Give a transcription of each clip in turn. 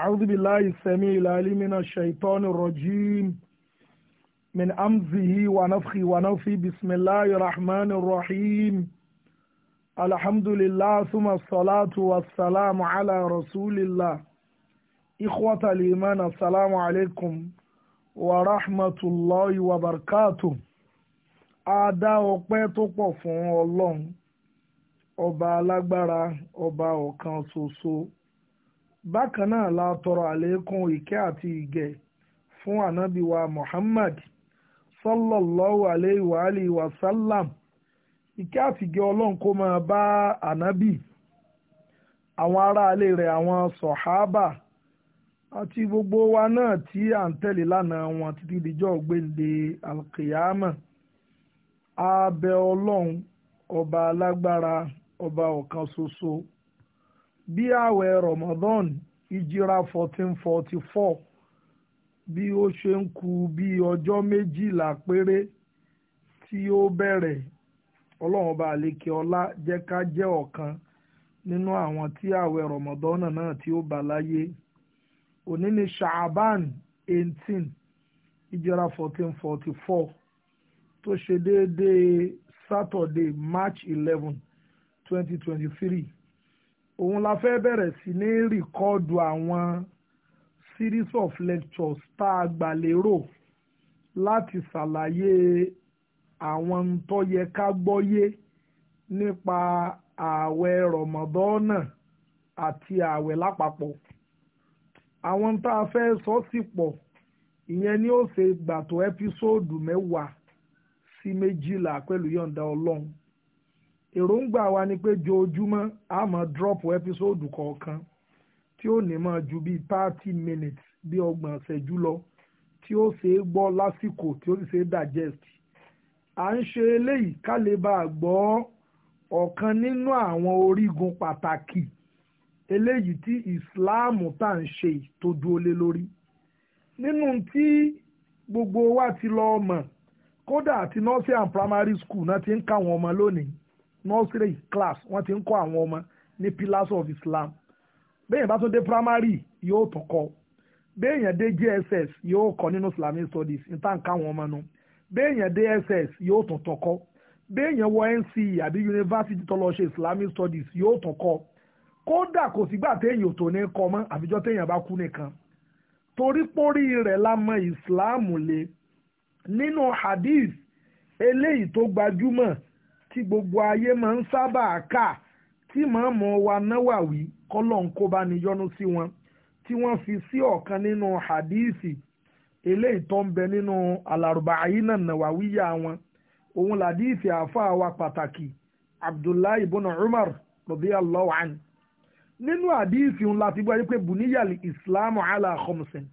أعوذ بالله السميع العليم من الشيطان الرجيم من أمزه ونفخه ونفي بسم الله الرحمن الرحيم الحمد لله ثم الصلاة والسلام على رسول الله إخوة الإيمان السلام عليكم ورحمة الله وبركاته Adá ọpẹ́ tó pọ̀ fún Ọlọ́run, ọba alágbára, ọba bákan náà la tọrọ àlékún ìkẹ́ àti ìgẹ̀ fún ànábì wa Muhammad sallallahu alayhi wa alihi wa sallam ìkẹ́ àti ìgẹ̀ ọlọ́run kó máa bá ànábì àwọn aráalé rẹ̀ àwọn sọ̀hábà àti gbogbo wa náà tí à ń tẹ̀lé lánàá wọn títí dijọ́ gbéǹde alkiyama a ọlọ́run ọba alágbára ọba ọ̀kan ṣoṣo. bí àwẹ̀ ramadan ìjìra 1444 bí o ṣe ń ku bí ọjọ́ méjìlá péré tí ó bẹ̀rẹ̀ ọlọ́run bá lékè ọlá jẹ́ ká jẹ́ ọ̀kan nínú àwọn tí àwẹ̀ ramadan náà tí ó bá láyé òní shaaban 18 ìjìra 1444 tó ṣe déédéé saturday march 11 2023. òun la fẹ́ bẹ̀rẹ̀ sí ní rìkọ́ọ̀dù àwọn series of lectures tá a gbà lérò láti ṣàlàyé àwọn tó yẹ ká gbọ́yé nípa ààwẹ̀ rọ̀mọ̀dọ́nà àti ààwẹ̀ lápapọ̀ àwọn tá a fẹ́ sọ sí pọ̀ ìyẹn ni ó ṣe gbàtọ̀ ẹ́písòòdù mẹ́wàá sí méjìlá pẹ̀lú yọ̀ǹda ọlọ́run èròǹgbà wa ni pé joojúmọ́ a máa dírọ́pù ẹ́písòdù kọ̀ọ̀kan tí ó ní máa ju bíi thirty minutes bí ọgbọ̀n ṣẹ́jú lọ tí ó ṣe é gbọ́ lásìkò tí ó sì ṣe é digest à ń ṣe eléyìí ká lè bá a gbọ́ ọ̀kan nínú àwọn orígun pàtàkì eléyìí tí ìsìláàmù tá à ń ṣe tó dúró lé lórí nínú tí gbogbo wa ti lọ mọ̀ kódà àti nursery and primary school náà ti ń káwọn ọmọ lónìí nursery class wọ́n ti ń kọ́ àwọn ọmọ ní pillars of Islam béèyàn bá tún dé primary yóò tún kọ́ béèyàn dé GSS, yóò kọ́ nínú Islamic studies níta nǹkan àwọn ọmọ nu béèyàn dé SS yóò tún tún kọ́ béèyàn wọ NCE àbí yunifásitì tó lọ ṣe Islamic studies yóò tún kọ́ kódà kò sígbà téèyàn tó ní kọ́ mọ́ àfijọ́ téèyàn bá kú nìkan torí pórí rẹ̀ la mọ Islam lé nínú hadith eléyìí tó gbajúmọ̀ tí gbogbo ayé máa ń sábà kà tí màmú wa náwàwí kọ́lọ́n kó bá ní yọ́nú sí wọn tí wọ́n fi sí ọ̀kan nínú hadithi eléyìí tó ń bẹ nínú alárùbáyínà nàwáwíyà wọn òun làdíìsì àáfàá wa pàtàkì abdullahi ibn umar radiyallahu anhu nínú àdíìsì òun láti gbọ́ pé buniyali islam ala khomsen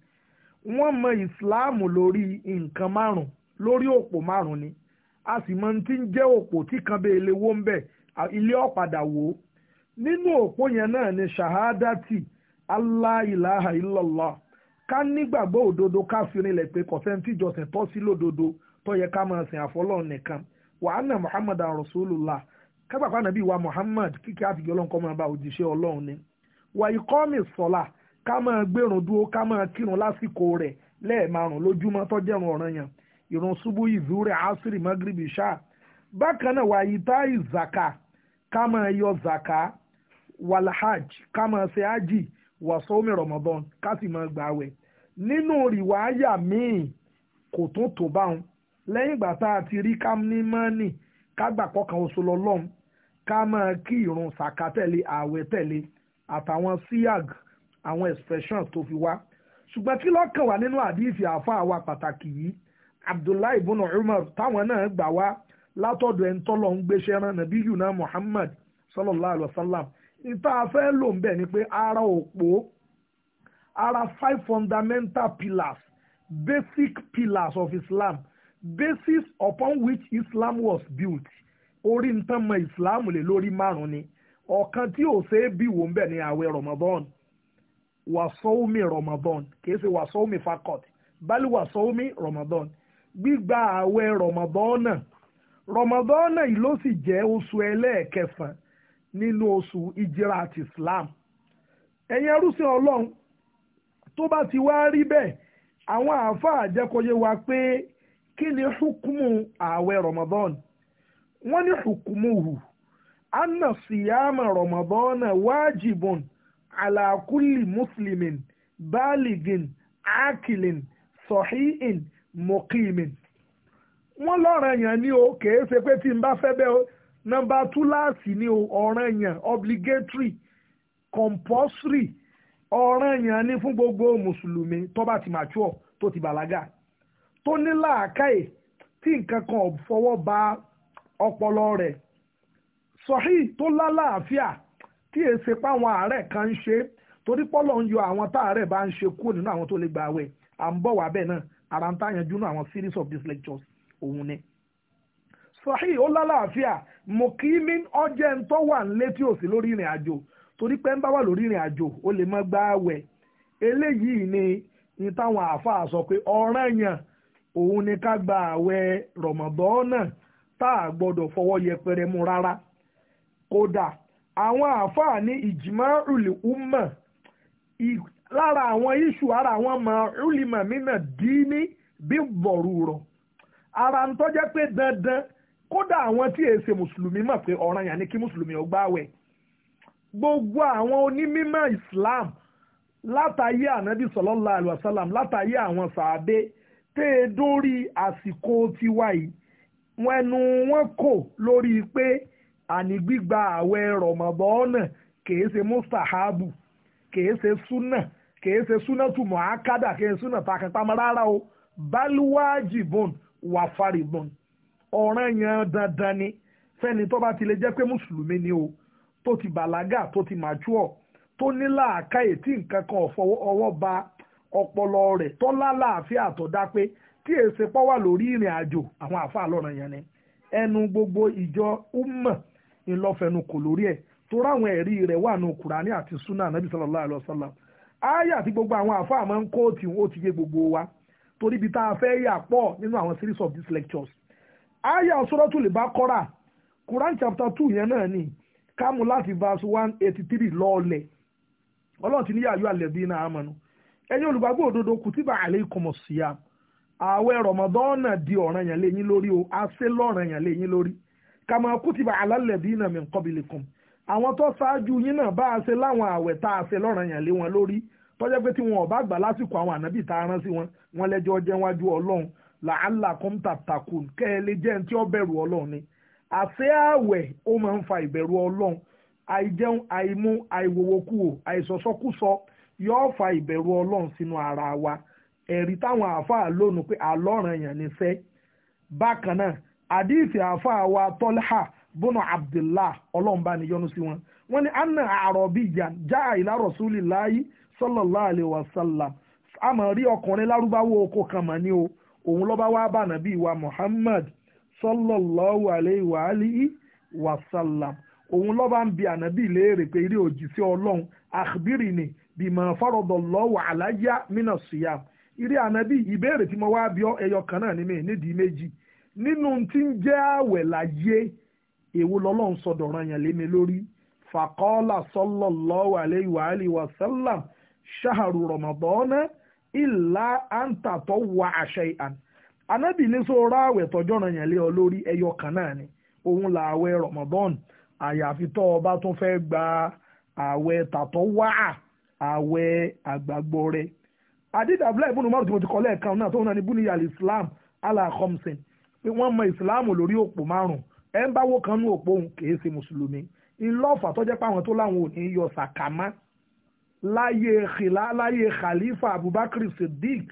wọ́n mọ ìsìláàmù lórí nǹkan márùn-ún lórí òpó márùn-ún ni a sì mọ ti ń jẹ́ òpó tí kan bẹ́ẹ̀ lè wó ń bẹ̀ ilé ọ̀padà wò ó nínú òpó yẹn náà ni ṣahadati aláìláha ìlọ́lá ká nígbàgbọ́ òdodo ká fi rinlẹ̀ pé kọ̀sẹ́ntì ìjọsìn tọ́ sí lódodo tó yẹ ká máa sìn àfọlọ́run nìkan wàhánà muhammad rasulullah kápákọ̀ ànábì wa muhammad kíkẹ́ máa bá òjíṣẹ́ ọlọ́run ni wà ìkọ́mì sọ́lá ká máa gbérun dúró ká máa kírun lásìkò rẹ̀ lójúmọ́ tọ́jẹ́rùn ìrun ṣubú ìzúrẹ̀ asiri magribi ṣá bákan náà wàyí táyì zaka ká máa yọ zaka walhaj ká máa ṣe ájì wàsómi ramadan ká sì máa gbààwẹ̀ nínú rìwáyà míì kò tó tó báwọn lẹ́yìn ìgbà tá a ti rí ká ní mọ́nì ká gbà pọ́kàn oṣù lọ́lọ́run ká máa kí ìrun ṣàkà tẹ̀lé ààwẹ̀ tẹ̀lé àtàwọn síyàg àwọn expressions tó fi wá ṣùgbọ́n kí lọ́kàn wà nínú àdìsí àáfàá wa pàtàkì yìí abdullahi ibn umar táwọn náà gbà wá látọ̀dọ̀ ẹni tọ́lọ̀ ń gbéṣẹ́ rán nàbí yuna muhammad sallallahu alayhi wa sallam ìta afẹ́ ló ń bẹ̀ ni pé ara òpó ara five fundamental pillars basic pillars of islam basis upon which islam was built orí nǹkan mọ islam lè lórí márùn ni ọ̀kan tí ò ṣe é bí wò ń bẹ̀ ni àwẹ̀ ramadan wàsọ́wọ́mì ramadan kìí ṣe wàsọ́wọ́mì fakọ́t bali wàsọ́wọ́mì ramadan gbígba ààwẹ̀ rọ̀mọ̀dọ́nà rọ̀mọ̀dọ́nà yìí ló sì jẹ́ oṣù ẹlẹ́ẹ̀kẹfà nínú oṣù ìjìrà àti Islam ẹ̀yin arúsìn ọlọ́run tó bá ti wá rí bẹ́ẹ̀ àwọn àáfàá jẹ́kọ̀ọ́yé wa pé kí ni hukumu ààwẹ̀ rọ̀mọ̀dọ́nà wọ́n ní hukumuhu anna siyama rọ̀mọ̀dọ́nà wájibun ala muslimin baligin akilin sọ̀híìn mọ̀kìmì wọ́n lọ́ranyàn ni o kèé ṣe pé tí n bá fẹ́ bẹ́ẹ̀ o nọ́mbà túláàsì ni o ọ̀ranyàn obligatory compulsory ọ̀ranyàn ni fún gbogbo mùsùlùmí tó bá ti mature tó ti bàlágà tó ní làákàyè tí nǹkan kan fọwọ́ ba ọpọlọ rẹ̀ sọ̀hí tó lálàáfíà tí èsè páwọn àárẹ̀ kan ń ṣe torí pọ́lọ̀ ń yọ àwọn táàrẹ̀ bá ń ṣe kúrò nínú àwọn tó lè gbà wẹ̀ à ń bọ̀ wá bẹ́ẹ̀ náà ara ń tàyànjú series of these lectures òun ni. sahih ó lálàáfíà mokimi ọjẹ́ ń tọ́ wà létí òsì lórí ìrìn àjò torí pé ń bá wà lórí ìrìn àjò ó lè má gba àwẹ̀ eléyìí ni ní táwọn àáfàá sọ pé òun ni ká gba àwẹ̀ tá a gbọ́dọ̀ fọwọ́ yẹpẹrẹ rárá kódà àwọn àáfàá ní umma lára àwọn iṣu ara àwọn ọmọ rúlìmọ̀ mínà dí ní bí bọ̀rù rọ̀ ara ń tó jẹ́ pé dandan kódà àwọn tí èsè mùsùlùmí mọ̀ pé ọ̀ràn yà ni kí mùsùlùmí ó gbààwẹ̀ gbogbo àwọn onímọ̀ Islam látàyé ànábì sallallahu alaihi wasallam látàyé àwọn sàábé tẹ́ ẹ dórí àsìkò tiwa yìí wọn ẹnu wọn kò lórí pé àní gbígba ààwẹ̀ rọ̀mọ̀bọ́ọ̀nà kìí ṣe mustahabu kìí ṣe súnà kìí ṣe súná tùmọ̀ ákádà kìí súná takanpamọ́ rárá o balùwájìbọn wàfarìbọn ọ̀ràn yẹn dandan ni fẹ́ni tó bá ti lè jẹ́ pé mùsùlùmí ni o tó ti bàlágà tó ti màjúọ̀ tó ní làákàyè tí nǹkan kan ọwọ́ ba ọpọlọ rẹ̀ tó lálàáfíà tó dá pé tí èsè pọ́ wà lórí ìrìn àjò àwọn àfáà lọ́ràn yẹn ni ẹnu gbogbo ìjọ umma ńlọfẹnu kò lórí ẹ̀ tó ráwọn ẹ̀rí rẹ̀ wà nù kùránì àti sunnah nabi sallallahu alayhi wa sallam ááyà ti gbogbo àwọn àfáà máa ń kóòtì ó ti yé gbogbo wa torí ibi tá a fẹ́ yà pọ̀ nínú àwọn series of these lectures ááyà suratul Baqara Quran chapter two yẹn náà ni kámú láti verse one eighty three lọ́ọ̀lẹ̀ ọlọ́run ti ní yàyọ́ àlẹ́bí náà ẹ̀yin olùgbàgbọ́ òdodo kùtìbà di o àṣẹ lọ́ranyàn lé lórí kùtìbà náà àwọn tó ṣáájú yín náà bá a ṣe láwọn àwẹ̀ tá a ṣe lọ́ràn yàn lé wọn lórí tọ́jọ́ pé tí wọn ò bá gbà lásìkò àwọn ànábì tá a rán sí wọn wọn lẹ́jọ́ jẹ́ wájú ọlọ́run làálà kọ́ńtà takùn kẹ́ ẹ lè jẹ́ tí ó bẹ̀rù ọlọ́run ni àṣẹ àwẹ̀ ó máa ń fa ìbẹ̀rù ọlọ́run àìjẹun àìmú àìwòwòkúwò àìsọ̀sọ́kúsọ yóò fa ìbẹ̀rù ọlọ́run sínú ara wa ẹ̀rí táwọn àáfàá lónìí pé àlọ́ràn yàn ní fẹ́ bákan náà àdìsí àáfàá wa tọ́lá Bono abdullah ọlọ́mbà ni yọ́nú sí wọn wọ́n ní anna àròbí jáà ìlà rasulillahi sallallahu alayhi wa sallam àmọ́ rí ọkùnrin lárúbáwò oko kan mọ̀ ní o òun lọ́ba wá bá nàbí ìwà muhammad sallallahu alayhi wa alihi wa sallam òun lọ́ba ń bi ànábì léèrè pé eré òjíṣẹ́ ọlọ́run àkbírì ni bímọ fọ́rọ̀dọ̀ lọ́wọ́ àláyá mínà síyá eré ànábì ìbéèrè tí mo wá bí ẹyọ kan náà ní mi nídìí méjì nínú tí ń jẹ́ àwẹ̀ láyé èwo lọ́lọ́run sọ̀dọ̀ ọ̀ràn yẹn lémi lórí fàkọ́ọ́là sallallahu alayhi wa alihi wa sallam ṣaharu ramadana ìlà àǹtàtọ̀ wà shay'an anábì ní sọ ráàwẹ̀ tọjọ́ ọ̀ràn yẹn lé ọ lórí ẹyọ kan náà ni òun là àwẹ̀ ramadan àyàfi tó o bá tún fẹ́ gba àwẹ̀ tàtọ̀ wà àwẹ̀ àgbàgbọ́ rẹ̀ adídàbílẹ̀ ìbùnú ẹ ń báwo kan ní òpó òun kì í ṣe mùsùlùmí ńlọ́ọ̀fà tó jẹ́ pé tó láwọn ò ní yọ sàkámá láyé khila láyé khalifa abubakar siddiq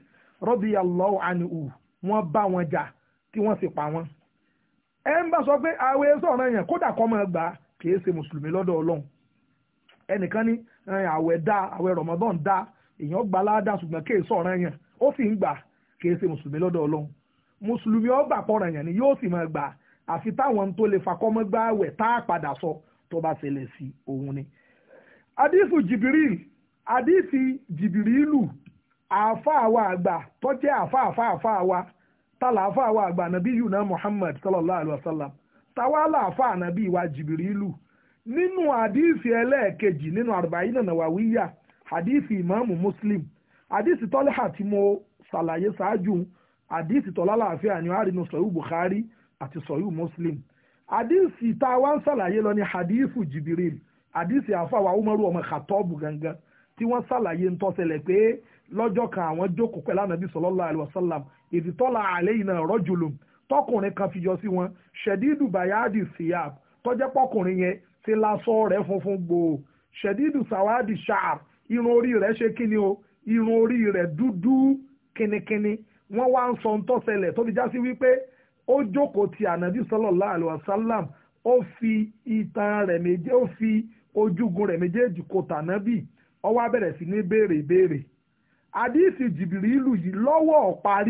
radiyallahu anhu wọ́n bá wọn jà tí wọ́n sì pa wọ́n ẹ ń bá sọ pé àwọn èso ọ̀ràn yẹn kódà kọ́ máa gbà kì í ṣe mùsùlùmí lọ́dọ̀ ọlọ́run ẹnìkan ní àwẹ̀ dá àwẹ̀ ramadan dá èèyàn gbà ládàá ṣùgbọ́n kì í sọ̀ràn yẹn ó sì ń gbà kì í ṣe mùsùlùmí lọ́dọ̀ ọlọ́run mùsùlùmí ọgbà pọ̀ràn yẹn ni yóò sì máa gbà àfi táwọn tó lè fakọ́mọ́gbá àwẹ̀ tá a padà sọ tó bá ṣẹlẹ̀ sí òun ni. àdìsù jìbìrìl àdìsì jìbìrìlù àáfàá wa àgbà tó jẹ́ àáfàá àáfàá tàlà àáfàá àgbà nàbí yuna Muhammad sallallahu alayhi wa sallam tàwálà àáfàá nàbí wa jìbìrìlù nínú àdìsì ẹlẹ́ẹ̀kejì nínú àrùbáyínà nàwáwíyà àdìsì ìmáàmù Muslim àdìsì tọ́lẹ́hà tí mo ṣàlàyé ṣáájú àdìsì tọ́lá làáfíà ni wàá rí nù sọ̀rọ̀ Bukhari àti sọ̀yù muslim àdìsí tá a wá ń ṣàlàyé lọ ní hadifu jibril àdìsí àfàwà umaru ọmọ khatọ́ọ̀bù gangan tí wọ́n ṣàlàyé ń tọ́sẹ̀lẹ̀ pé lọ́jọ́ kan àwọn jókòó pẹ̀lú ànábì sallallahu alaihi wasallam idh tala alayna rajulun tọkùnrin kan fi sí wọn ṣẹ̀dídù bayadi siyab tọ́jẹ́ pọ́kùnrin yẹn ti lásọ rẹ̀ funfun gbòò ṣẹ̀dídù sawadi sha'ar irun orí rẹ̀ ṣe kíni o irun orí rẹ̀ dúdú kínníkínní wọ́n wá ń sọ ń tọ́sẹ̀lẹ̀ tó fi já sí wípé ó jókòó ti ànábì sallallahu alaihi o ó fi itan rẹ̀ méje ó fi ojúgun rẹ̀ méjèèjì kò tànábì ó wá sí ní béèrè béèrè àdìsí jìbìrìlù yìí lọ́wọ́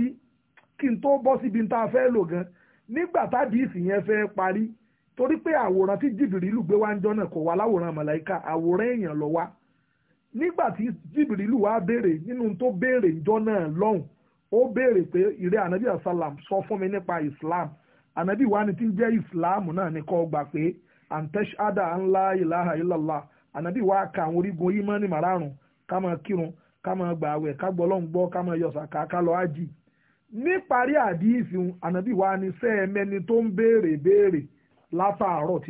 kí n tó bọ́ síbi tá a fẹ́ lò gan nígbà tádìsí yẹn fẹ́ parí torí pé àwòrán tí jìbìrìlù gbé wá ń jọ náà kò wá láwòrán màláìka àwòrán èèyàn ló nígbà tí wá béèrè nínú tó béèrè ó béèrè pé ìrẹ́ ànábì asalam sọ fún mi nípa islam ànábì wa ni tí islam náà ni kó gbà pé antesh ada ńlá ilaha illallah ànábì wa ka àwọn orígun imani márààrún ká máa kírun ká máa gbà àwẹ̀ ká gbọ́ lọ́n gbọ́ ká máa yọ̀sà ká ká lọ ájì níparí wa ni tó ń béèrè béèrè látàárọ̀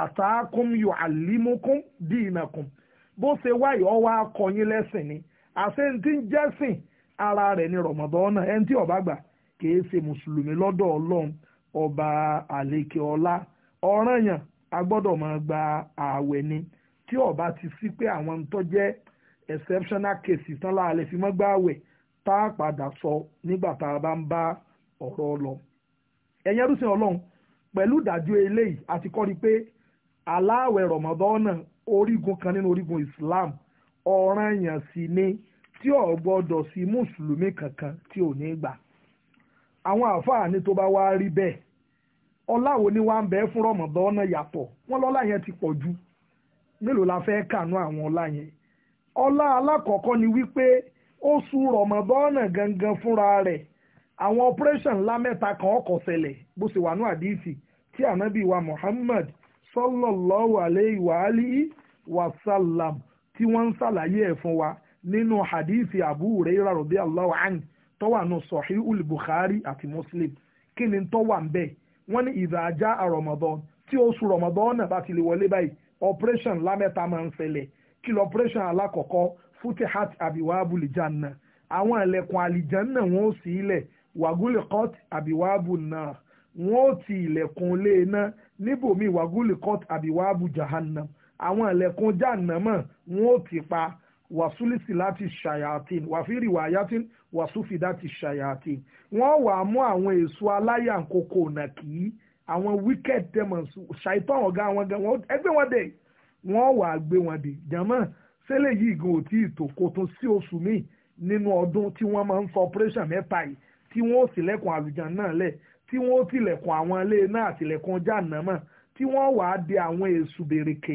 àtàkùn yọ àlímùkùn dìínàkùn bó ṣe wáyé ọwọ́ akọyin lẹ́sìn ni àṣẹ́ntì ń jẹ́sìn ara rẹ̀ ní rọ̀mọ̀dọ́nà ẹni tí ọba gbà kìí ṣe mùsùlùmí lọ́dọ̀ ọlọ́run ọba àlekè ọlá ọ̀ranyàn a gbọ́dọ̀ máa gba ààwẹ̀ ni tí ọba ti sí pé àwọn tó jẹ́ exceptional cases tán láàlẹ́ fi mọ́ gba ààwẹ̀ tá a padà sọ nígbà tá a bá ń bá ọ̀rọ̀ lọ. ẹ̀yin ọlọ́run pẹ̀lú ìdájọ́ eléyìí àti kọ́ pé aláàwẹ̀ rọ̀mọ́dọ́nà orígun kan nínú orígun Islam ọ̀ranyàn sì ni tí ò gbọ́dọ̀ sí mùsùlùmí kankan tí ò ní gbà àwọn àfáàní tó bá wá rí bẹ́ẹ̀ ọláwo ni wá ń bẹ fún rọ̀mọ́dọ́nà yàtọ̀ wọ́n lọ́lá yẹn ti pọ̀ jù mélòó la fẹ́ kànú àwọn ọlá yẹn ọlá alákọ̀ọ́kọ́ ni wípé oṣù rọ̀mọ́dọ́nà gangan fúnra rẹ̀ àwọn operation ńlá mẹ́ta kan ọkọ̀ ṣẹlẹ̀ bó ṣe wà ní àdìsí tí ànábì wa Muhammad sallallahu alayhi wa alihi wa sallam tí wọ́n ń ṣàlàyé ẹ̀ fún wa nínú hadithi abu huraira rabi allahu anhu tó wà nù sahihul bukhari àti muslim kí ni tó wà ń bẹ̀ wọ́n ní ìdájá àrọ̀mọ̀dán tí oṣù rọ̀mọ̀dán náà bá ti lè wọlé báyìí operation lámẹ́ta máa ń ṣẹlẹ̀ kí lọ operation alákọ̀ọ́kọ́ futihat abiwabu lijanna àwọn ẹlẹ́kùn àlìjánná wọn ó sí ilẹ̀ wàgúlẹ̀kọ́t abiwabu náà wọn ó ti ilẹ̀kùn ilé iná níbòmí wàgúlì court àbíwá abuja hanna àwọn ilẹ̀kùn jàǹnàmọ̀ wọn ó ti pa wàsúlìsì láti ṣàyàtìn wàfíìrì wàyàtìn wàsúfìdá ti ṣàyàtìn wọn wà mú àwọn èso aláyàǹkókò nàkì àwọn wicked demons ṣàìtàn ọ̀gá wọn gan wọn ẹgbẹ́ wọn dé wọn wà gbé wọn dé jàmọ́ sẹ́lẹ̀ yìí gan ò tí ì tó kó tún sí oṣù míì nínú ọdún tí wọ́n máa ń fọ operation mẹ́ta yìí tí wọ́n ó sì lẹ́kùn àlùjá náà lẹ̀ tí wọ́n tilẹ̀kùn àwọn ilé náà àtìlẹ̀kùn jàǹnàmọ̀ tí wọ́n wàá di àwọn èṣù bèrèké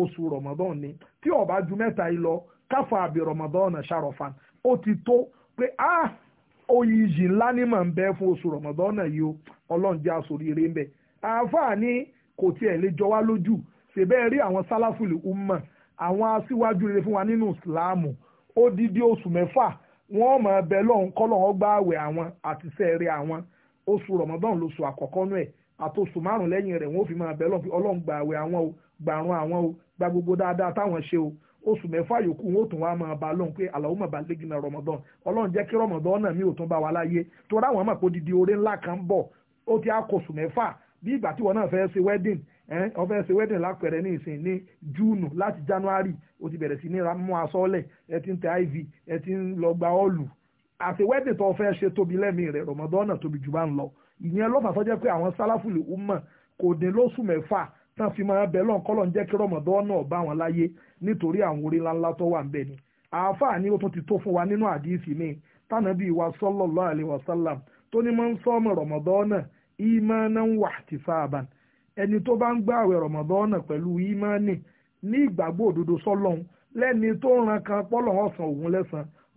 oṣù rọmọdán ni tí ó bá ju mẹ́ta yìí lọ káfà àbí rọmọdán náà ṣàròfan ó ti tó pé a oyè ìjì ńlá ní mà ń bẹ fún oṣù rọmọdán náà yìí o ọlọ́run jẹ́ aṣòrire ń bẹ àǹfààní kò tiẹ̀ lè jọ wá lójú ṣèbẹ́ rí àwọn sáláfùlì umma àwọn aṣíwájú rere fún wa nínú ìsìláàmù ó dídí oṣù mẹ́fà wọ́n mọ̀ ọ́ bẹ lọ́hùn kọ́ lọ́hùn ọgbà àwẹ̀ àwọn àtisẹ́ẹ̀rẹ́ àwọn oṣù rọmọdán lóṣù àkọ́kọ́ nú ẹ̀ àtòṣù márùn lẹ́yìn rẹ̀ wọ́n fi máa bẹ̀ lọ́n fi ọlọ́run gba àwẹ̀ àwọn o gba àrùn àwọn o gba gbogbo dáadáa táwọn ṣe o oṣù mẹ́fà yòókù wọn ò tún wá máa bá lọ́n pé àlàó mà bá lẹ́gìn náà rọmọdán ọlọ́run jẹ́ kí rọmọdán náà mi ò tún bá wa láyé torí àwọn àmọ̀ kò oore ńlá kan bọ̀ ó ti á kóṣù mẹ́fà bí ìgbà tí wọn náà fẹ́ ṣe wedding ẹn ọfẹ ṣe wedding lápẹẹrẹ ní ìsìn ní júùnù láti january o ti bẹ̀rẹ̀ sí ní ramú asọ́lẹ̀ ẹ ti ń tẹ iv ẹ ti ń lọ gba ọ́ọ̀lù àti wedding tó fẹ́ ṣe tóbi lẹ́mìí rẹ̀ rọmọdọ́nà tóbi jù bá ń lọ ìyẹn lọ́fà tó jẹ́ pé àwọn sáláfùlì umma kò dín lóṣù mẹ́fà tán fi máa bẹ̀ lọ́n kọ́lọ́n jẹ́ kí rọmọdọ́nà ọba wọn láyé nítorí àwọn orí ńláńlá tó wà ń ni àáfàá ni ó tún ti tó fún wa nínú àdìsí mi tánàbí wa sallallahu alaihi wasallam tó ní máa ń sọ́ọ̀mù rọmọdọ́nà ìmánan wà tìfáàbàn ẹni tó bá ń gbààwẹ̀ rọmọdọ́nà pẹ̀lú ìmánì ní ìgbàgbọ́ òdodo sọ́lọ́hún lẹ́ni tó ń ran kan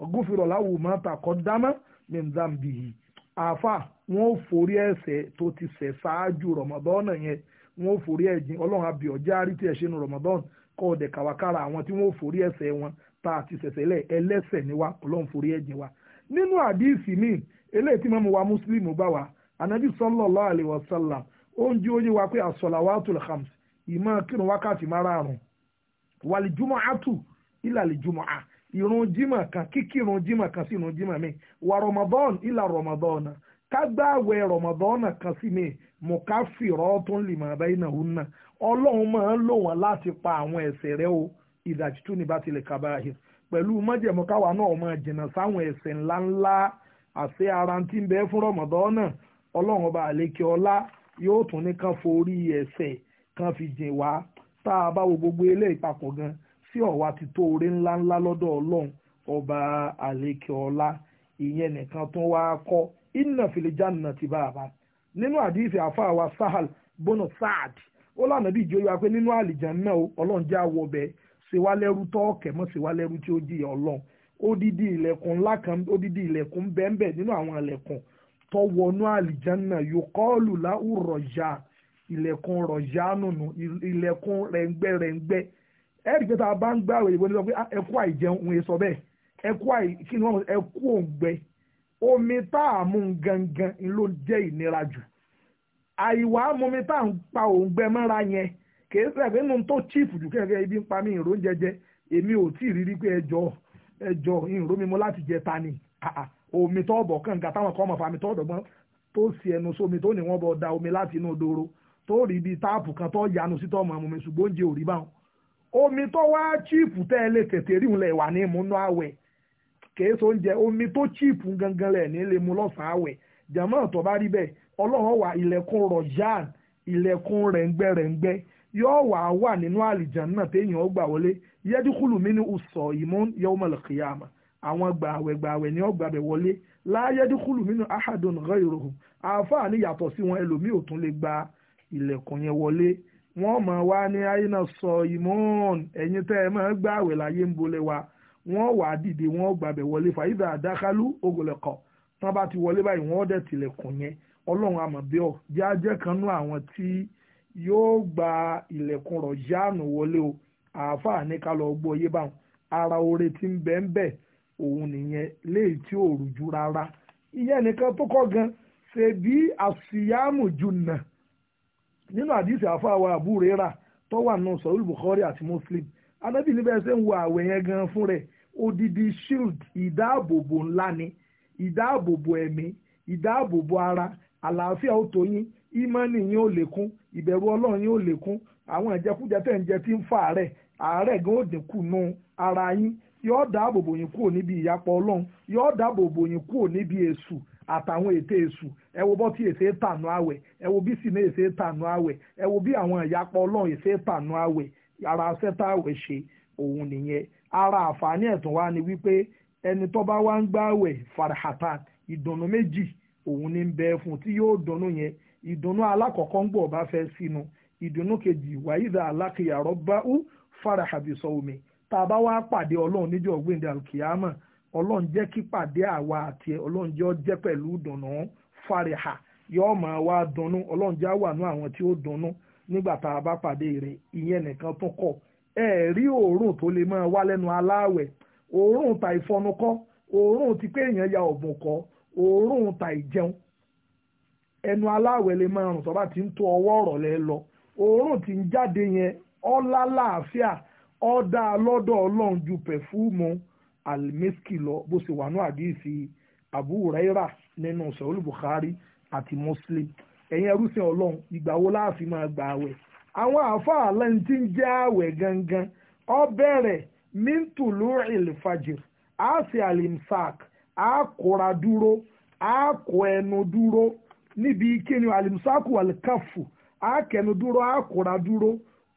ọgúnfìrọ̀ láwù máa ta kọ́ dámá mẹ́ńdàmbì yìí àáfà wọn ò forí ẹ̀ṣẹ̀ tó ti ṣẹ̀ ṣáájú rọ̀mọdọ́nà yẹn wọn ò forí ẹ̀jìn ọlọ́run àbí ọjà àrítí ẹ̀ṣẹ̀ nu rọ̀mọdọ́nà kọ́ ọ̀dẹ̀ kàwákàrà àwọn tí wọ́n ò forí ẹ̀ṣẹ̀ wọn tá a ti ṣẹ̀ṣẹ̀ lẹ̀ ẹlẹ́ṣẹ̀ ni wá ọlọ́run forí ẹ̀jìn wa nínú àdíìsì míì eléyìí tí mo mú wa muslim gbà wá anabi sallallahu alayhi wa sallam ó ń jí oyé wa pé as-salawatul khams ìmọ̀ kírun wákàtí márààrún wàlìjúmọ̀ àtù ìlàlìjúmọ̀ à ìrun jima kan si irun jima kan mi wa ramadan ìlà ramadan kágbáwẹ̀ ramadan kan sí mi mùkáfìrọ́ tó ń lè máa bá iná na náà ọlọ́run máa n lo wọn láti pa àwọn ese rẹ o ìdàjì tún ní bá tilẹ̀ kábàáyé pẹ̀lú májẹ̀mú náà máa jìnnà sáwọn ẹ̀ṣẹ̀ ńláńlá ara ń bẹ fún ọba àlékè ọlá yóò tún ní kan forí fi jìn wá a gbogbo eléyìí papọ̀ gan tí ọ̀wá ti tó oore ńláńlá lọ́dọ̀ ọlọ́run ọba àlekè ọlá ìyẹn nìkan tó wá kọ́ inna filijanna ti bá a bá nínú àdìsí àfáà wa sahal bono saad ó lànà bí ìjọba pé nínú àlìjánná o ọlọ́run jẹ́ àwọ̀ ọbẹ̀ ṣèwálẹ́rú tọ́ọ̀kẹ́ mọ́ ṣèwálẹ́rú tí ó jìyà ọlọ́run odidi ilẹ̀kùn ńlá kan odidi ilẹ̀kùn bẹ́ẹ̀nbẹ́ nínú àwọn ilẹ̀kùn tó wọnú àlìjánná yòókọ́ọ̀lù láwù rọ̀jà ilẹ̀kùn rọ̀jà nùnú ilẹ̀kùn rẹ̀ǹgbẹ́ ẹ̀rí pé tá a bá ń gbàwé ìwé lọ pé ah, ẹkú àìjẹun òun èso bẹ́ẹ̀ ẹkú àìkí ni wọ́n ẹkú òǹgbẹ omi tá a mú gangan ló jẹ́ ìnira jù àìwá mumi tá à ń pa òǹgbẹ mọ́ra yẹn kì í sẹ́ pé nínú tó chíìpù jù kẹ́kẹ́ ibi ń pa mí ìró ń jẹjẹ èmi ò tí ì rírí pé ẹjọ́ ẹjọ́ ìró mi mọ́ láti jẹ ta ni omi tó bọ̀ kànga táwọn kan mọ̀ mi tó dọ̀gbọ́n tó sì ẹnu sómi tó ní wọ́n bọ̀ da omi láti inú doro tó rí ibi táàpù kan tó yanu sí tọ́ mọ̀ mumi ṣùgbọ́n oúnjẹ ò rí báwọn omi tó wá chíìpù tẹ́ ẹ lè tètè rí ìhùn lẹ̀ wà ní ìmúnú àwẹ̀ kìí so oúnjẹ omi tó chíìpù gangan lẹ̀ ní lè mú lọ́sàn-án àwẹ̀ jàmọ́ tó bá rí bẹ́ẹ̀ ọlọ́run wà ilẹ̀kùn rọ̀jàn ilẹ̀kùn rẹ̀ǹgbẹ̀rẹ̀ǹgbẹ̀ yóò wà wà nínú àlìjàn náà téèyàn gbà wọlé yẹ́díkùlù mi ní ùsọ̀ ìmún yawmal qiyama àwọn gbààwẹ̀ gbààwẹ̀ ni ó gbàbẹ̀ wọlé láyẹ́díkùlù mi ní ahadun ghayruhum àáfàá ní yàtọ̀ sí wọn ẹlòmíì ò tún lè gba ilẹ̀kùn yẹn wọlé wọ́n mọ̀ wá ní àyínà sọ ìmọ̀ọ́n ẹ̀yin tẹ́ ẹ máa gbà àwẹ̀ láyé ń bolẹ̀ wa wọ́n wà á dìde wọ́n gbàbẹ̀ wọlé fàyídà àdákálú ògùlẹ̀kọ̀ tán bá ti wọlé báyìí wọ́n dẹ̀ tilẹ̀kùn yẹn ọlọ́run àmọ̀bíọ́ jẹ́ ajẹ́ kan nú àwọn tí yóò gba ilẹ̀kùn rọ̀ yáànù wọlé o àáfàá ní ká lọ gbọ́ yé báwọn ara oore ti ń bẹ́ ń bẹ̀ òun nìyẹn léyìí tí ò rújú rárá ìyẹn nìkan tó kọ́ gan ṣe bí àṣìyámù jù náà nínú àdìsí àfáwà àbúrẹ́rà tó wà nù sọ̀rọ̀ Bukhari àti Muslim anábì níbẹ̀ ṣe ń wo àwẹ̀ yẹn gan fún rẹ̀ odidi shield ìdáàbòbò ńlá ni ìdáàbòbò ẹ̀mí ìdáàbòbò ara àlàáfíà ó tó yín ìmọ̀nì yín ó lékún ìbẹ̀rù ọlọ́run yín ó lékún àwọn ìjẹkújẹ tẹ̀ ń jẹ tí ń fa àárẹ̀ àárẹ̀ gan ó dínkù nù ara yín yóò dáàbòbò yín kúrò níbi ìyapa ọlọ́run yóò dáàbòbò yín kúrò níbi èṣù àtàwọn ète èṣù ẹ wo bọ́ tí èṣe tànú àwẹ̀ ẹ wo bí sì ní èṣe tànú àwẹ̀ ẹ bí àwọn ìyapọ̀ ọlọ́run èṣe tànú àwẹ̀ ara sẹ́tà àwẹ̀ ṣe òun nìyẹn ara àǹfààní ẹ̀tún wa ni wípé ẹni tó bá wá ń gbàwẹ̀ farahata ìdùnnú méjì òun ní bẹ fún tí yóò dùnnú yẹn ìdùnnú alákọ̀ọ́kọ́ ń gbọ̀ bá fẹ́ sínú ìdùnnú kejì wàyídà alákìyàrọ́ bá ó farahabisọ omi tá a bá wá pàdé ọlọ́run níjọ́ gbẹ̀ndẹ̀ alkiyama ọlọ́run jẹ́ kí pàdé àwa àti ẹ̀ ọlọ́run jẹ́ ọ jẹ́ pẹ̀lú ìdùnnú fàríhà yóò máa wá dunnú ọlọ́run jẹ́ àwọn tí ó dunnú nígbà tá a bá pàdé rẹ̀ ìyẹn nìkan tún kọ̀ ẹ̀ rí òórùn tó lè máa wá lẹ́nu aláàwẹ̀ ta ìfọnu kọ́ òórùn ti pé èèyàn ta ìjẹun ẹnu lè máa rùn ti ń tó ọwọ́ ọ̀rọ̀ lọ òórùn ti ń jáde yẹn ọ́ lálàáfíà ọ́ dáa almeski lọ bó ṣe wà ní àdìsí Abu Huraira nínú sọ̀rọ̀ Bukhari àti Muslim ẹ̀yin ẹrúsìn ọlọ́run ìgbà wo láàfin máa gba àwẹ̀ àwọn àáfàá lẹ́yìn tí ń jẹ́ àwẹ̀ gangan ó bẹ̀rẹ̀ mintulu ilfajir a ṣe alimsak a kóra dúró a kó ẹnu dúró níbi kíni alimsaku alikafu a kẹnu dúró a kóra dúró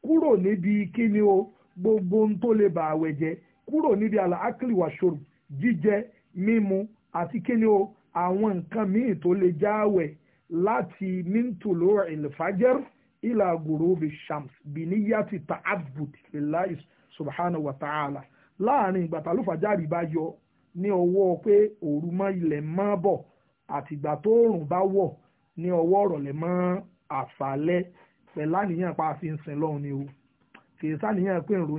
kúrò níbi kíni o gbogbo ń tó lè ba jẹ́ kúrò níbi àlàákìlì wàṣọrù jíjẹ mímu àti kíni o àwọn nǹkan míì tó lè jáwẹ̀ láti mintolo ilfajar ila gurubi shams biniyati ta'abbud lillahi subhanahu wa ta'ala láàrin ìgbà tálùfàjárì bá yọ ní ọwọ́ pé òru mọ́ ilẹ̀ mọ́ bọ̀ àtìgbà tó òrùn bá wọ̀ ní ọwọ́ ọ̀rọ̀lẹ́ mọ́ àfàlẹ́ pẹ̀lú àníyàn pa àfi sìn lọ́hùn ni o kì í sáníyàn pé ń ro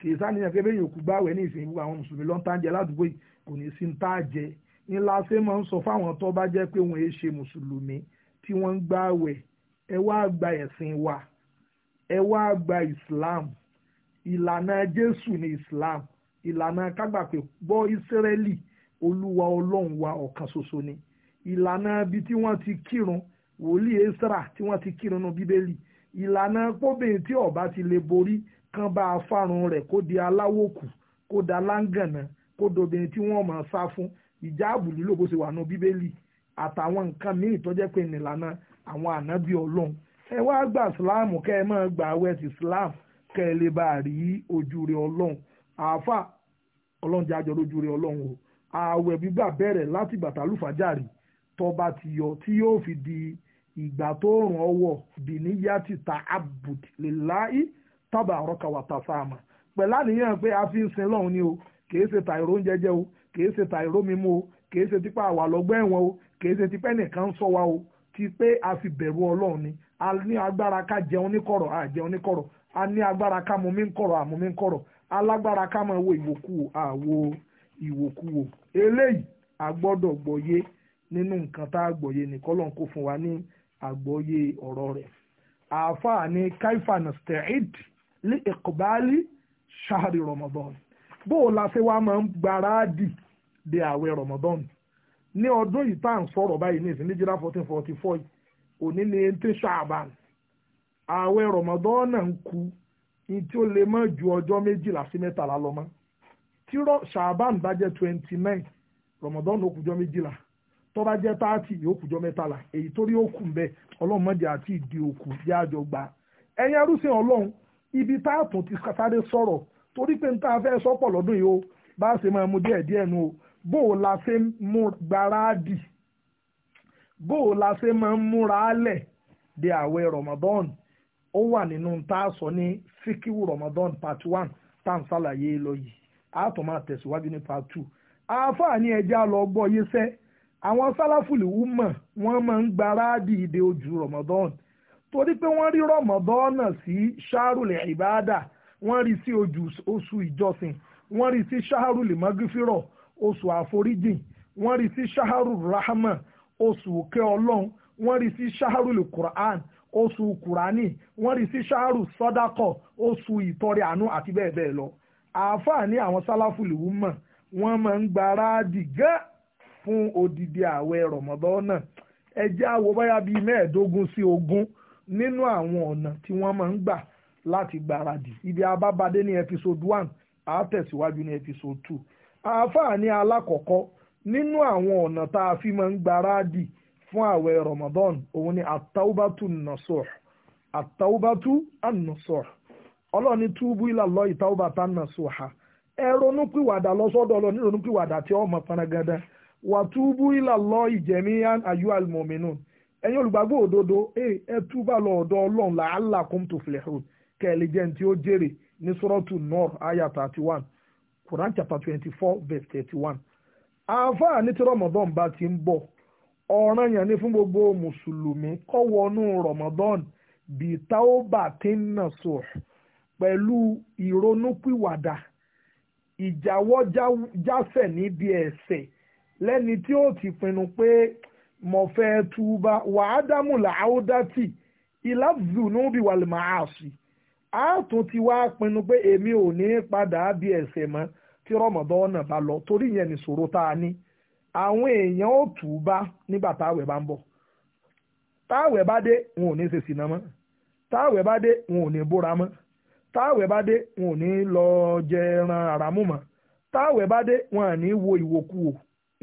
kì í sáníyàn pé bẹ́ẹ̀ yòókù gbáwẹ̀ ní ìsìn ìwúwo àwọn mùsùlùmí lọ́ntàjẹ́ ládùúgbò yìí kò ní sí ń tá a jẹ ńlá ṣe máa ń sọ fáwọn tó bá jẹ́ pé wọ́n ṣe mùsùlùmí tí wọ́n ń gbáwẹ̀ ẹ wá gba ẹ̀sìn wa ẹ wá gba Islam ìlànà Jésù ní Islam ìlànà kágbàpé bọ́ Ísírẹ́lì olúwa ọlọ́run wa ọ̀kan ṣoṣo ni ìlànà ibi tí wọ́n ti kírun wòlíì Ẹ́sírà tí wọ́n ti kírun nù bíbélì ìlànà pọ́bìn tí ọba ti lè borí kán bá a fárun rẹ̀ kó di aláwò kù kó da láǹgànà kó dobìnrin tí wọ́n máa sá fún ìjáàbù lílo bó ṣe wà nù bíbélì àtàwọn nǹkan míì tó jẹ́ pé nìlànà àwọn ànábì ọlọ́run ẹ wá gba islam kẹ ẹ máa gba west islam kẹ ẹ lè bá a rí ojú rẹ ọlọ́run àáfà ọlọ́run jẹ́ àjọ lójú rẹ ọlọ́run o ààwẹ̀ gbígbà bẹ̀rẹ̀ láti bàtà lùfàjárì tó ti yọ tí yóò fi di ìgbà tó rùn ọwọ́ bìníyàtì ta tábà àrọ́kà wà tàfàmà pẹ̀lú àníyàn pé a fi ń sin lọ́hùn ni o kìí ṣe tàìró ń jẹjẹ o kìí ṣe tàìró mímú o kìí ṣe tipa àwà lọ́gbọ́ ẹ̀wọ̀n o kìí ṣe tipa ẹnìkan ń sọ wa o ti pé a fi bẹ̀rù ọlọ́run ni a ní agbára ká jẹun ní kọ̀rọ̀ a jẹun ní kọ̀rọ̀ a ní agbára ká mú mi ń kọ̀rọ̀ àmú mi ń kọ̀rọ̀ alágbára ká máa wo ìwòkú o àwo ìwòkú o eléyìí a gbọ́dọ̀ gbọ́yé nínú nǹkan tá a gbọ́yé nìkan lọ́n kó fún wa ní àgbọ́yé ọ̀rọ̀ rẹ̀ àáfàá ní káífà nasta'id ní ìkọ̀bálí ṣáàrì Ramadan bó o la ṣe wá máa ń gbáradì de àwẹ̀ Ramadan ní ọdún yìí tá à ń sọ̀rọ̀ báyìí ní ìsìn níjìlá fourteen forty four òní ní ntí ṣàbàn àwẹ̀ Ramadan náà ń ku ní tí ó lè mọ́ ju ọjọ́ méjìlá sí mẹ́tàlá lọ mọ́ tí ṣàbàn bá jẹ́ twenty nine Ramadan ó kùjọ́ méjìlá tó bá jẹ́ táàtì yóò kùjọ́ mẹ́tàlá èyí torí ó kù ń bẹ ọlọ́run mọ́jà àti ìdí òkú ibi táàtún ti sáré sọ̀rọ̀ torí pé níta fẹ́ sọ́pọ̀ lọ́dún yìí o bá ṣe máa mú díẹ̀ díẹ̀ nu o bó o la ṣe mú gbáradì bó o la ṣe máa ń múra lẹ̀ de àwẹ̀ Ramadan ó wà nínú tá a sọ ní fíkíwù Ramadan part one tá à lọ yìí a tún máa tẹ̀síwájú ní part two àáfàá ní ẹja lọ gbọ́ yé sẹ́ àwọn sáláfùlì wúmọ̀ wọ́n máa ń gbáradì de ojú Ramadan torí pé wọ́n rí rọ̀mọ̀dọ́nà sí ṣáàrùlẹ̀ ìbáàdà wọ́n rí sí oṣù ìjọsìn wọ́n rí sí ṣáàrùlẹ̀ mọ́gífìrọ̀ oṣù àforíjìn wọ́n rí sí ṣáàrù rahama oṣù òkè ọlọ́run wọ́n rí sí ṣáàrùlẹ̀ quran oṣù kùránì wọ́n rí sí ṣáàrù sọ́dákọ̀ oṣù ìtọrẹ àánú àti bẹ́ẹ̀ bẹ́ẹ̀ lọ àáfàá ní àwọn sáláfù lìwú mọ̀ wọ́n máa ń gbáradì gẹ́ fún odidi ààwẹ̀ rọ̀mọ̀dọ́nà ẹjẹ́ àwọ̀ bíi mẹ́ẹ̀ẹ́dógún sí ogún nínú àwọn ọ̀nà tí wọ́n máa ń gbà láti gbáradì ibi abábadé ní episode one a tẹ̀síwájú ní episode two àáfàá ní alákọ̀ọ́kọ́ nínú àwọn ọ̀nà tá a fi máa ń gbáradì fún ààwẹ̀ Ramadan òun ni àtàwùbátú nàṣọ́ọ̀ àtàwùbátú ànàṣọ́ọ̀ ọlọ́ni túbú ìlàlọ́ ìtàwùbátá nàṣọ́ọ̀ ẹ ronú pìwàdà lọ́sọ́dọ̀ ọlọ́ ní ronú pìwàdà tí ọmọ panagada wàtúbú ìlàlọ́ ìjẹ̀míyàn ayú àlùmọ̀mínú ẹ̀yin olùgbàgbọ́ òdodo eh, ẹ túbà lọ ọ̀dọ̀ ọlọ́run làálà kún tó filẹ̀ hù kẹ́lẹ́ jẹ́ ní tí ó jèrè ní sọ́rọ́tù nọ́ọ̀r àyà thirty one Quran chapter twenty four verse thirty one. àáfàá ní tí Ramadan bá ti ń bọ̀ ọ̀ràn yẹn ni fún gbogbo mùsùlùmí kó wọnú Ramadan bíi taoba tí ń nà sọ pẹ̀lú ìrònúpìwàdà ìjàwọ́ jásẹ̀ níbi ẹ̀ṣẹ̀ lẹ́ni tí ó ti pinnu pé mo fẹ́ túbá wà á dámú làáúdátì ìlàzù wà lè máa sí a tún ti wá pinnu pé èmi ò ní padà bí ẹ̀ṣẹ̀ mọ́ tí rọmọdọ́nà bá lọ torí yẹn ní ṣòro tá a ní àwọn èèyàn ò túbá nígbà táwẹ̀ bá ń bọ̀ táwẹ̀ bá dé wọn ò ní ṣe sìnà mọ́ táwẹ̀ bá dé wọn ò ní bóra mọ́ táwẹ̀ bá dé wọn ò ní lọ jẹ ẹran mọ́ táwẹ̀ bá dé wọn à ní wo ìwòkuwò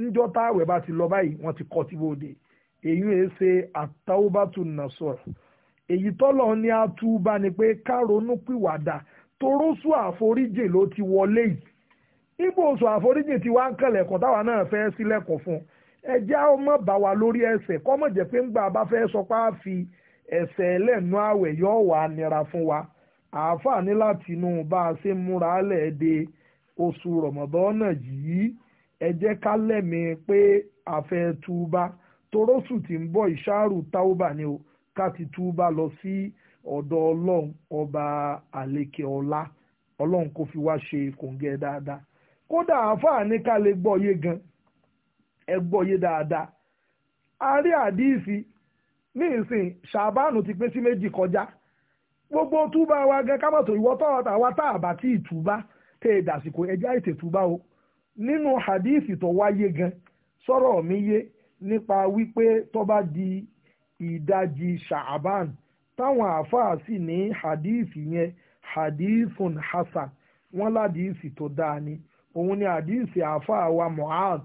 ńjọ́ táwẹ̀ bá ti lọ báyìí wọ́n ti kọ́ tí bóde èyí ẹ ṣe àtàwọ́bátù nàṣọ̀r èyí tọ́lọ̀ ní àtúbà ni pé káronú pìwàdà torósù àforíjì ló ti wọlé yìí nígbà oṣù àforíjì tí wàá ń kẹlẹ̀kùn táwa náà fẹ́ sílẹ̀kùn fún ẹjẹ́ ó má bá wa lórí ẹsẹ̀ kọ́mọ̀ jẹ́ pé ńgbà bá fẹ́ sọ pé a fi ẹsẹ̀ ẹlẹ́nu àwẹ̀ yóò wà nira fún wa àáfàá ní láti inú bá a ṣe múra lẹ́ẹ̀dẹ́ oṣù rọ̀mọ̀dọ́ yìí ẹ jẹ́ ká lẹ́mìí pé àfẹ́ túbá torósù tí ń bọ̀ ìṣàrù táwùbà ni o ká ti túbá lọ sí ọ̀dọ̀ ọlọ́run ọba àlekè ọlá ọlọ́run kò fi wá ṣe kòǹgẹ́ dáadáa kódà àáfàá ní ká lè gbọ́ yé gan ẹ gbọ́ yé dáadáa a rí àdíìsì ní ìsìn ti pín sí méjì kọjá gbogbo túbá wa gan kámọ̀tò ìwọ́tọ̀ àwa tá àbá tí ìtúbá tẹ̀ dàsìkò ẹjẹ́ àìtètúbá o. nínú hadith tó wáyé gan sọ̀rọ̀ mi yé nípa wípé tó bá di ìdajì sha'aban táwọn àáfàá sì ní hadith yẹn hadithun hasan wọn ládìísì tó dáa ni òun ni hadith àáfàá wa mu'ad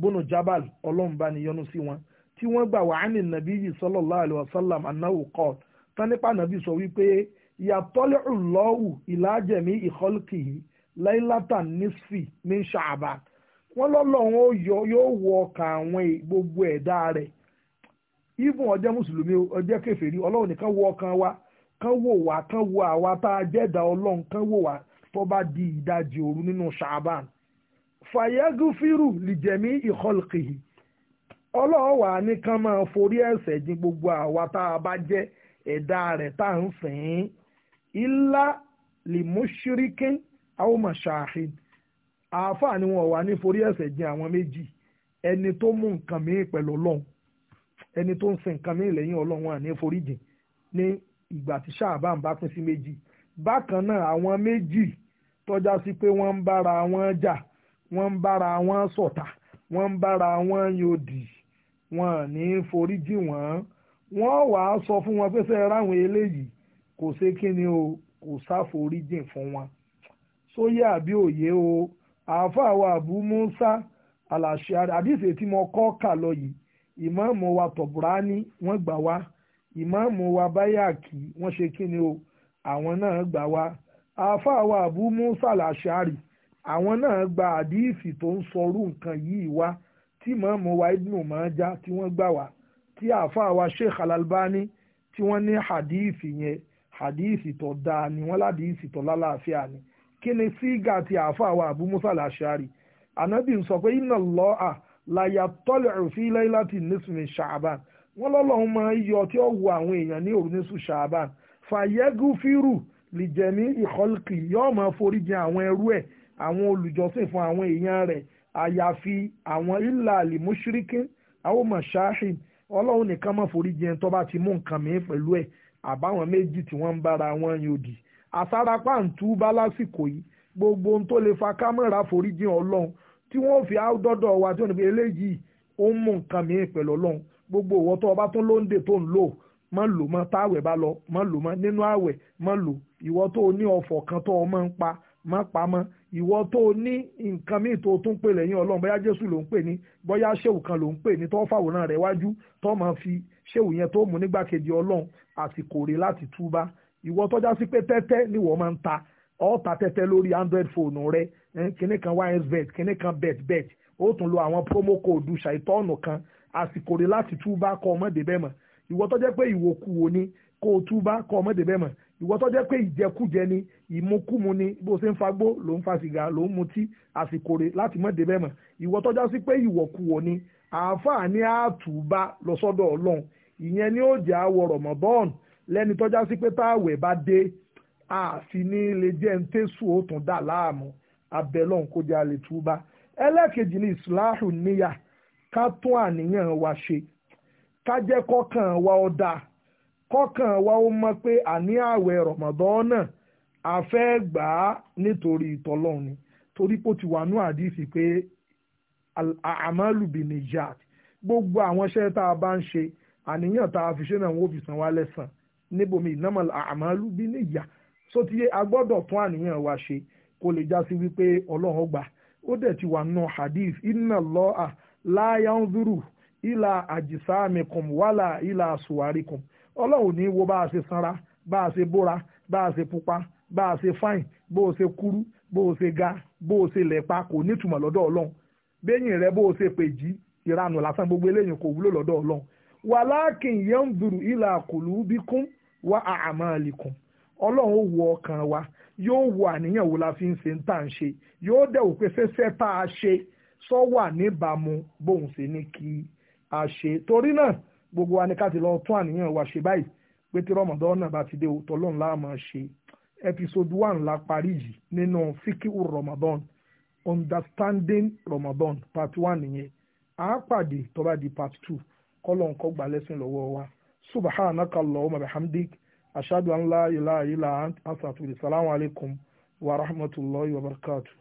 bùnú jabal ọlọ́mùbá ni yọ́nú sí wọn tí wọ́n gbà wà á ní nàbí yìí sallallahu alaihi wasallam anáwó kọ́ tán nípa nàbí sọ wípé yàtọ́lẹ̀ ọlọ́wù ìlàjẹ̀mí ìkọ́lùkì yìí láìlátàn nísfì ní ṣàbà wọ́n lọ́lọ́run ó yọ yóò wọ ọkàn àwọn e, gbogbo ẹ̀dá rẹ̀ even ọjọ́ mùsùlùmí ọjọ́ kèfèrí ọlọ́run nìkan wọ ọkàn wa kán wò wá kán wo àwa tá a jẹ́dá ọlọ́run kán wò wá tó bá di ìdajì òru nínú ṣàbàn fàyẹ́gúfírù lìjẹ̀mí ìkọlùkìhì ọlọ́run wà ní kán máa forí ẹ̀ṣẹ̀ jìn gbogbo àwa tá a bá jẹ́ ẹ̀dá rẹ̀ tá à ń sìn ín ilá lìmúṣíríkín àwọn ọmọ ṣàhìn àáfàá ni wọn wà ní forí ẹ̀ṣẹ̀ jìn àwọn méjì ẹni tó mú nǹkan míì pẹ̀lú ọlọ́run ẹni tó ń sin nǹkan míì lẹ́yìn ọlọ́run wọn ní forí jìn ní ìgbà tí ṣáàbàn bá pín sí méjì bákan náà àwọn méjì tọ́já sí pé wọ́n ń bára wọn jà wọ́n ń bára wọn ṣọ̀tá wọ́n ń bára wọn yòdì wọn ní forí jìn wọ́n wọ́n wàá sọ fún wọn pé sẹ́ẹ̀ ráwọn eléyìí kò ṣe kí ni o kò sáforí jìn fún wọn sóyè àbí òye o àáfàá wa àbú musa aláṣẹ àdìsẹ tí mo kọ́ kà lọ yìí ìmáàmù wa tọ̀bùránì wọ́n gbà wá ìmáàmù wa báyàkì wọ́n ṣe kíni o àwọn náà gbà wá àáfàá wa àbú musa aláṣẹ àrì àwọn náà gba àdìsí tó ń sọrú nǹkan yìí wá tí ìmáàmù wa ibnu májà tí wọ́n gbà wá tí àáfàá wa sheikh alalbani tí wọ́n ní àdìsí yẹn àdìsí tó dáa ni wọ́n ládìsí tó lálàáfíà ni kí ni sígà ti àáfà wa Abu Musa al-Ash'ari ànábì ń sọ pé inna Allaha la yattali'u fi laylati nisfi Sha'ban wọ́n lọ́lọ́run máa ń yọ tí ó wo àwọn èèyàn ní òru nísù Sha'ban fàyẹ́gùfírù lìjẹ̀mí ìkọlùkì yóò máa foríjì àwọn ẹrú ẹ̀ àwọn olùjọ́sìn fún àwọn èèyàn rẹ̀ àyàfi àwọn ilà àlìmúṣíríkín àwọn mọ̀ṣáhìn ọlọ́run nìkan máa foríjì ẹni tó bá ti mú nǹkan mìíràn pẹ̀lú ẹ̀ àbáwọn méjì tí wọ́n ń bára wọn yòdì àsárapá ń tú bá lásìkò yìí gbogbo ohun tó lè fa kámẹ́rà foríjì ọlọ́run tí wọ́n fi áódọ́dọ̀ wa tí wọ́n fi eléyìí ó ń mú nǹkan mìíràn pẹ̀lú ọlọ́run gbogbo ìwọ tó ọba tó lóńdè tó ń lò má lò mọ́ táwẹ̀ bá lọ má lò mọ́ nínú àwẹ̀ má lò ìwọ tó ní ọ̀fọ̀ kan tó ọmọ ń pa má pa mọ́ ìwọ tó ní nǹkan míì tó tún pè lẹ́yìn ọlọ́run bóyá jésù ló ń pè ní bóyá ṣéwù kan ló ń pè ní tó fàwòrán rẹ̀ wájú tó máa fi ṣéwù yẹn tó mú nígbàkejì ọlọ́run àsìkò rẹ̀ láti túbá ìwọ tọ́já sí pé tẹ́tẹ́ ni wọ́n máa ń ta ọ̀ọ́ta tẹ́tẹ́ lórí android phone rẹ kíní kan yxbet kíní kan betbet ó tún lo àwọn promo code ṣàìtọ́ọ̀nù kan àsìkò rẹ láti túbá kọ ọmọdé bẹ́ẹ̀ mọ̀ ìwọ tọ́jẹ́ pé ìwòkuwò ni kó o túbá kọ ọmọdé bẹ́ẹ̀ mọ̀ ìwọ tọ́jẹ́ pé ìjẹkújẹ ni ìmukúmu ni bó ṣe ń fagbó ló ń fa sìgá ló ń mutí àsìkò rẹ láti mọ̀dé bẹ́ẹ̀ mọ̀ ìwọ tọ́já sí pé ìwọ̀kuwọ̀ ni àáfàá ni àtúbá lọ sọ́dọ̀ ọlọ́run ìyẹn ni ó jẹ́ àwọ̀ rọ̀mọ́bọ́ọ̀nù lẹ́ni tọ́já sí pé táwẹ̀ bá dé àfi ní lè jẹ́ ń tẹ̀sù ó tún dà láàmú abẹ́lọ́n kó jẹ́ alẹ́ túbá ẹlẹ́ẹ̀kejì ní ìsìláhù níyà ká tún àníyàn wa ṣe ká jẹ́ kọ́kàn wa ó dáa kọ́kàn wa ó mọ̀ pé àní àwẹ̀ rọ̀mọ̀dán náà a gbà á nítorí ìtọ́lọ́run ni torí pé ti wà ní àdìsí pé àmàlùbí ni yàt gbogbo àwọn iṣẹ́ tá a bá ń ṣe àníyàn tá a fi ṣe náà wọ́n fi san wá lẹ́sàn-án níbomi ìnámọ̀ àmàlú bí níyà so ti yé a gbọ́dọ̀ tún àníyàn wa ṣe kó lè já sí wípé ọlọ́run gbà ó dẹ̀ ti wà nù hadith inna Allaha la yanzuru ìlà àjìsámikùn wàlà ìlà àsùwárìkùn ọlọ́run ní wo bá a ṣe sanra bá a ṣe bóra bá a ṣe pupa bá a ṣe fáìn bó o ṣe kúrú bó o ṣe ga bó o ṣe lẹ̀pa kò nítumọ̀ lọ́dọ̀ ọlọ́run bẹ́yìn rẹ bó o ṣe pèjì ìranù lásán gbogbo eléyìí kò wúlò lọ́dọ̀ ọlọ́run wàlákìn yanzuru ìlà kùlù bíkún wá àmàlìkùn ọlọ́run ó wo ọkàn wa yóò wo àníyàn wo la fi ń ṣe ń tà ń ṣe yóò dẹ̀ pé fẹ́fẹ́ tá a ṣe sọ wà níbàámu bóun ṣe ní kí a ṣe torí náà gbogbo wa ni ká ti lọ tún àníyàn wa ṣe báyìí pé tí rọmọdọ́ náà bá ti dé òótọ́ lóun láàmú ṣe episode one la parí yìí nínú fíkíwù rọmọdọ́n understanding rọmọdọ́n part one nìyẹn àá tó bá di part two kọ́lọ́n kọ́ gbà lẹ́sìn lọ́wọ́ wa subhanaka allahumma bihamdik ashhadu an la ilaha illa anta astaghfiruka assalamu alaikum wa rahmatullahi wa barakatuh